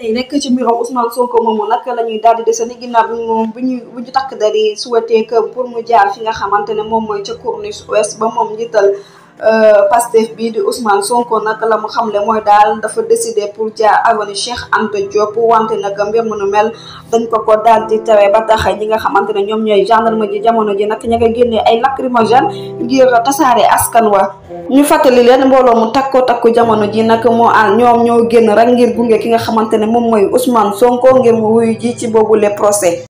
tey rekk ci mbiram Ousmane Sonko moomu nag la ñuy daal di desani ginnaaw bi moom bu ñu bu ñu takk dari souhaité que pour mu jaar fi nga xamante ne moom mooy ca corniche ouest ba moom njiital Euh, Pastef bii di Ousmane Sonko nag la mu xam le mooy daal dafa décidé pour jaar avenue Cheikh Anta Diop wante nag mbir mu nu mel dañ ko ko daal di tere ba tax ñi nga xamante ne ñoom ñooy gendarme ji jamono ji nag ña nga génnee ay lacrymogène ngir tasaare askan wa ñu fàttali leen mbooloo mu takko takku jamono ji nag moo a ñoo génn rek ngir gunge ki nga xamante ne moom mooy Ousmane Sonko ngir mu ji ci boobu le procès